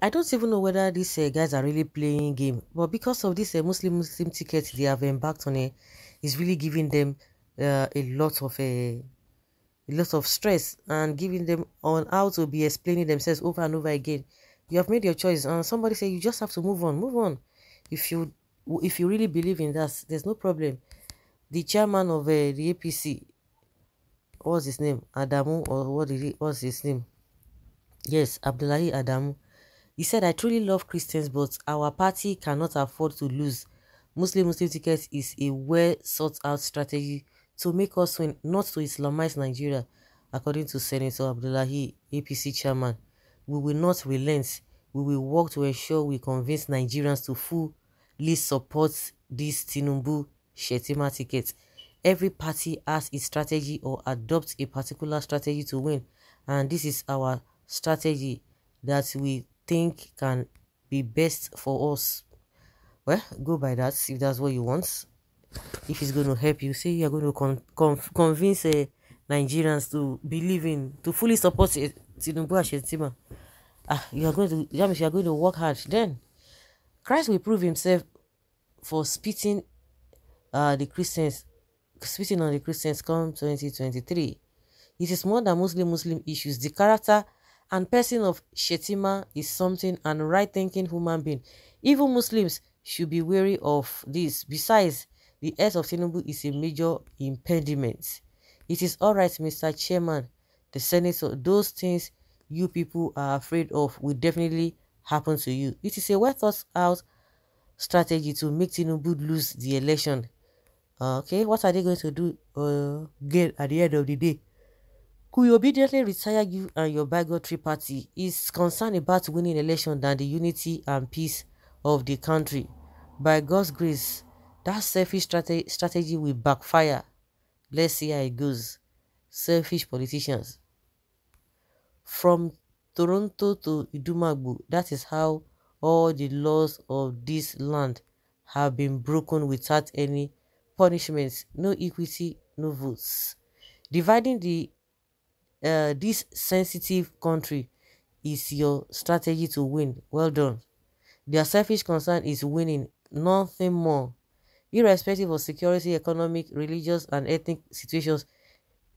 I don't even know whether these uh, guys are really playing game, but because of this uh, Muslim Muslim ticket they have embarked on, uh, is really giving them uh, a lot of uh, a lot of stress and giving them on how to be explaining themselves over and over again. You have made your choice, and somebody said you just have to move on, move on. If you if you really believe in that, there's no problem. The chairman of uh, the APC, what's his name? Adamu or what is What's his name? Yes, Abdullahi Adamu he said, I truly love Christians, but our party cannot afford to lose. Muslim-Muslim tickets is a well-sought-out strategy to make us win, not to Islamize Nigeria, according to Senator Abdullahi, APC chairman. We will not relent. We will work to ensure we convince Nigerians to fully support this Tinubu Shetima ticket. Every party has its strategy or adopts a particular strategy to win, and this is our strategy that we think can be best for us. Well, go by that if that's what you want. If it's going to help you, say you're going to con con convince uh, Nigerians to believe in, to fully support eh, Tinubu Ashentima. Ah, you are going to, you are going to work hard. Then, Christ will prove himself for spitting uh, the Christians, spitting on the Christians come 2023. It is more than mostly Muslim issues. The character and person of Shetima is something and right-thinking human being. Even Muslims should be wary of this. Besides, the health of Tinubu is a major impediment. It is alright, Mr. Chairman, the senator, those things you people are afraid of will definitely happen to you. It is a well thought out strategy to make Tinubu lose the election. Uh, okay, what are they going to do uh, again at the end of the day? Who obediently retire you and your bigotry party is concerned about winning election than the unity and peace of the country. By God's grace, that selfish strate strategy will backfire. Let's see how it goes. Selfish politicians. From Toronto to Idumagbu, that is how all the laws of this land have been broken without any punishments, no equity, no votes. Dividing the uh, this sensitive country is your strategy to win. Well done. Their selfish concern is winning, nothing more. Irrespective of security, economic, religious, and ethnic situations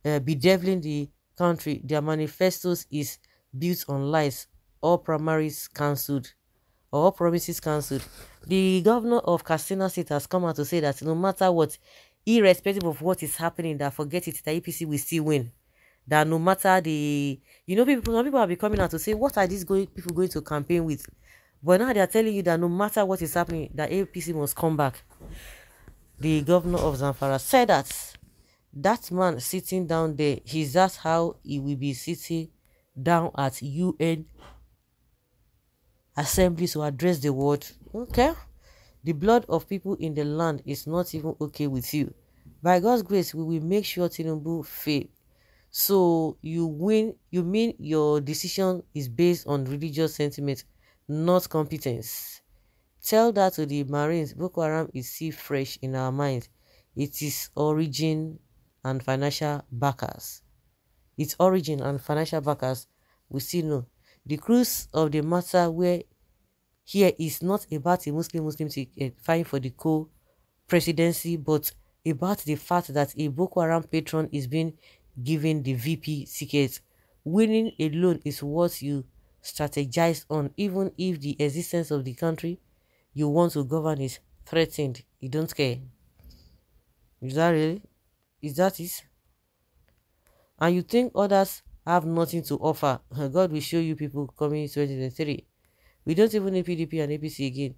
uh, bedeviling the country, their manifestos is built on lies, all primaries cancelled, all promises cancelled. The governor of Casino State has come out to say that no matter what, irrespective of what is happening, that forget it, the EPC will still win that no matter the you know people some people are coming out to say what are these going people going to campaign with but now they are telling you that no matter what is happening that apc must come back the governor of zamfara said that that man sitting down there he's that's how he will be sitting down at un assembly to address the world okay the blood of people in the land is not even okay with you by god's grace we will make sure tinubu fail so you win you mean your decision is based on religious sentiment, not competence. Tell that to the Marines. Boko Haram is still fresh in our minds. It is origin and financial backers. Its origin and financial backers we still know. The crux of the matter where here is not about a Muslim Muslim eh, fighting for the co-presidency, but about the fact that a Boko Haram patron is being given the VP ticket. Winning alone is what you strategize on, even if the existence of the country you want to govern is threatened. You don't care. Is that really? Is that it? And you think others have nothing to offer. God will show you people coming in 2023. We don't even need PDP and APC again.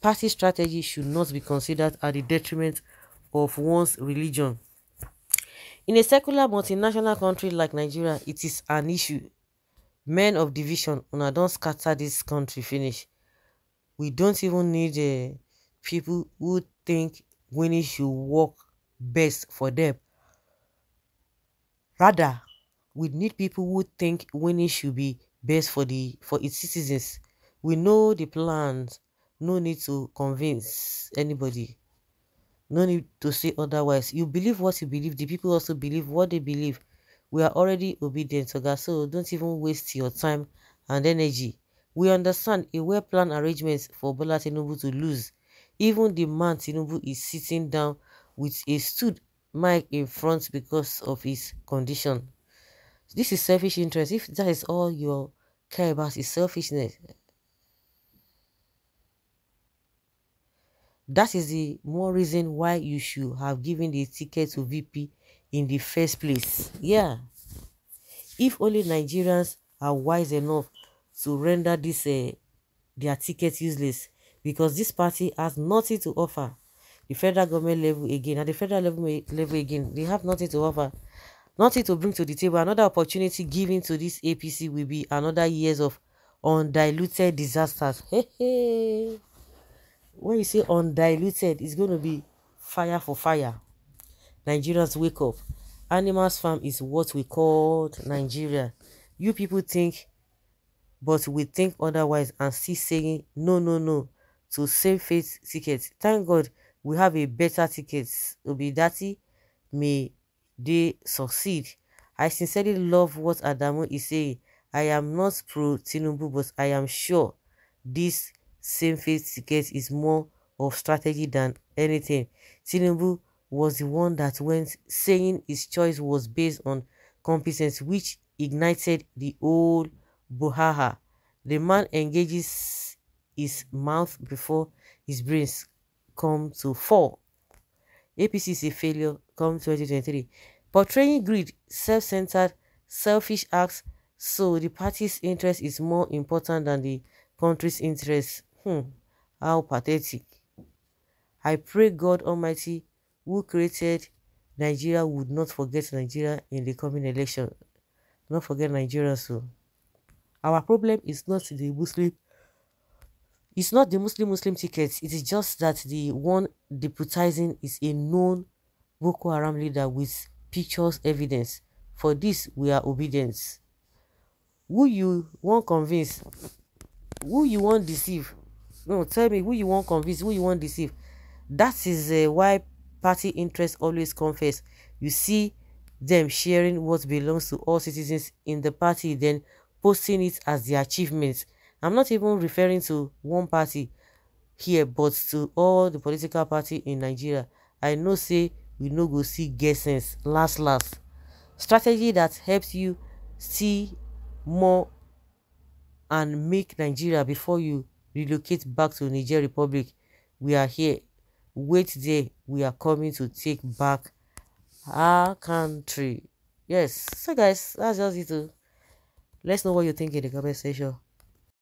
Party strategy should not be considered at the detriment of one's religion. In a secular multinational country like Nigeria, it is an issue. Men of division, una not scatter this country finish. We don't even need uh, people who think winning should work best for them. Rather, we need people who think winning should be best for the for its citizens. We know the plans, no need to convince anybody. No need to say otherwise. You believe what you believe. The people also believe what they believe. We are already obedient, God, so don't even waste your time and energy. We understand a well-planned arrangement for Bola Tinubu to lose. Even the man Tinubu is sitting down with a stood mic in front because of his condition. This is selfish interest. If that is all your care about is selfishness, That is the more reason why you should have given the ticket to VP in the first place. Yeah. If only Nigerians are wise enough to render this uh, their ticket useless because this party has nothing to offer. The federal government level again, at the federal level level again, they have nothing to offer, nothing to bring to the table. Another opportunity given to this APC will be another years of undiluted disasters. Hey, hey when you say undiluted, it's going to be fire for fire. Nigerians wake up. Animals Farm is what we called Nigeria. You people think, but we think otherwise and see saying no, no, no to save faith tickets. Thank God we have a better tickets. Obidati, may they succeed. I sincerely love what Adamu is saying. I am not pro Tinubu, but I am sure this same faith ticket is more of strategy than anything. Tinubu was the one that went saying his choice was based on competence, which ignited the old buhaha. The man engages his mouth before his brains come to fall. APC is a failure come 2023. Portraying greed, self-centered, selfish acts, so the party's interest is more important than the country's interest. Hmm, how pathetic. I pray God Almighty, who created Nigeria, would not forget Nigeria in the coming election. Not forget Nigeria, so. Our problem is not the Muslim it's not the Muslim Muslim ticket. It is just that the one deputizing is a known Boko Haram leader with pictures evidence. For this, we are obedient. Who you want convince? Who you want deceive? no tell me who you want convince who you want deceive that is uh, why party interests always confess. you see them sharing what belongs to all citizens in the party then posting it as their achievements i'm not even referring to one party here but to all the political party in nigeria i know say we no go see guessings. last last strategy that helps you see more and make nigeria before you relocate back to Niger Republic. We are here. Wait there. We are coming to take back our country. Yes. So guys, that's just it. Oh. Let's know what you think in the comment section.